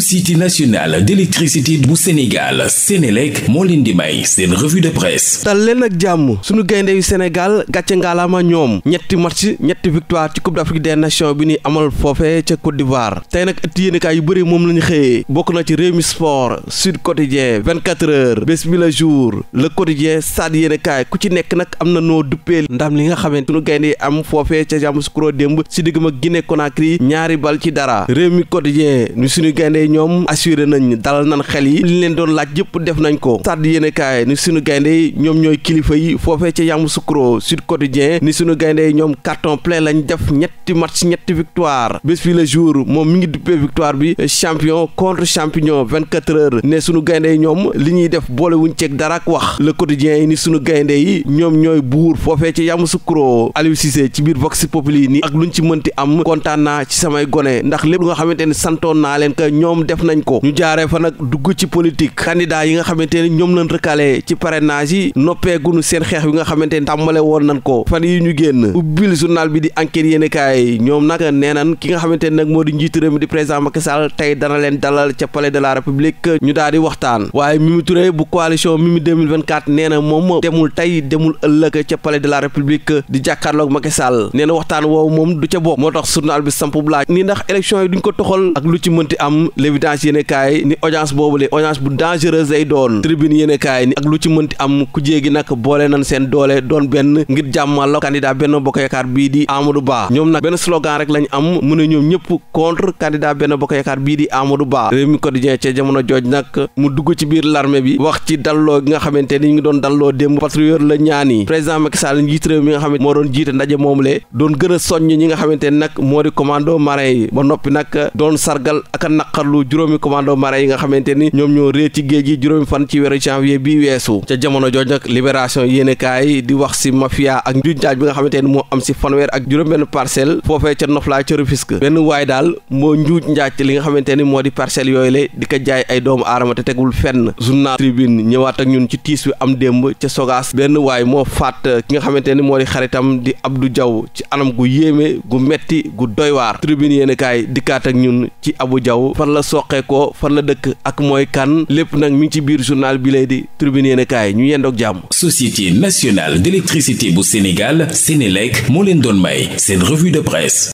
société nationale d'électricité bu Sénégal Sénélec moo leen di may seen revue de presse dal leen ak jàmm suñu gaynde yu Sénégal gàcce ngaalaama ñoom ñetti match ñetti victoire ci Coupe d'Afrique des Nations bi ñuy amal foofe ca Côte d'Ivoire tey nag ëtt yéenekaay yu bëri moom lañu xëyee bokk na ci Rewmi Sport Sud Quotidien 24 heures bés bi la jour Le Quotidien Stades yéenekaay ku ci nekk nag am na noo duppee ndam li nga xamante suñu gaynde yi am foofe ca Yamoussoukro démb si digg ma Guinée Conakry ñaari bal ci gaynde ñoom assuré nañ dalal nañ xel yi li leen doon laaj yëpp def nañ ko sàdd yéen kaay ni sunu gaynde ñoom ñooy kilifa yi foofee ca Yamoussoukro Sud Quotidien ni sunu gaynde ñoom carton plein lañ def ñetti match ñetti victoire bés bi le jour moom mi ngi duppee victoire bi champion contre champion 24 heures ne suñu gaynde yi ñoom li ñuy def boole wuñ ceeg dara ak wax le quotidien yi ni suñu gaynde yi ñoom ñooy buur foofee ca Yamoussoukro Aliou Cissé ci biir Vox Populi ni ak luñ ci mënti am kontaan naa ci samay gone ndax lépp nga xamante ne ñoom def nañ ko ñu jaare fa nag dugg ci politique candidat yi nga xamante ni ñoom la recalé ci parrainage yi noppee seen xeex yi nga xamante ni tàmbale woon nañ ko fan yi ñu génn ubbil journal bi di enquête yéen kaay ñoom nag nee nañ ki nga xamante ni nag moo di njiitu réew mi di président Macky Sall tey dana leen dalal ca palais de la république ñu daal di waxtaan waaye Mimi Touré bu coalition Mimi 2024 nee na moom demul tey demul ëllëg ca palais de la république di jàkkaarloog Macky Sall nee na waxtaan woowu moom du ca bopp moo tax journal bi samp laaj ni ndax élection yi duñ ko toxal ak lu ci mënti am l'évidence yéen kaay ni audience boobu le audience bu dangereuse lay doon tribune yéen kaay ni ak lu ci mënti am ku jéegi nag boole nañ seen doole doon benn ngir jàmmala candidat Benno Bokk Yaakaar bii di Amadou Ba ñoom nag benn slogan rek lañ am mu ne ñoom ñëpp contre candidat Benno Bokk Yaakaar bii di Amadou Ba réew mi quotidien ca jamono jooj nag mu dugg ci biir l'armée bi wax ci dalloo gi nga xamante ni ñu ngi doon dalloo démb patriote la ñaani président Macky Sall njiit réew mi nga xamante moo doon jiite ndaje moom le doon gën a soññ ñi nag moo di commando ba noppi nag doon sargal ak a naqarlu juróomi commando marin yi nga xamante ni ñoom ñoo réer ci géej gi juróomi fan ci weeru janvier bi weesu ca jamono jooj nag libération yéenekaay di wax si mafia ak njunjaaj bi nga xamante ni moo am si fanweer ak juróom benn parcelle foofee ca noflaay ca Rufisque benn waaye daal moo njuuj njaaj li nga xamante ni moo di parcelle yooyu la di ko jaay ay doomu aadama te tegul fenn journal tribune ñëwaat ak ñun ci tiis bi am démb ca sogaas benn waay moo faat ki nga xamante ni moo di xaritam di Abdou Diaw ci anam gu yéeme gu metti gu doy waar tribune yéenekaay ak ñun ci Abdou Diaw fan la soqeekoo fan la dëkk ak mooy kan lépp nag mi ngi ci biir journal bi lay di Tribune yéenekaay ñu yendoog jàmm. Société nationale d'électricité bu Sénégal Sénélec moo leen doon may seen revue de presse.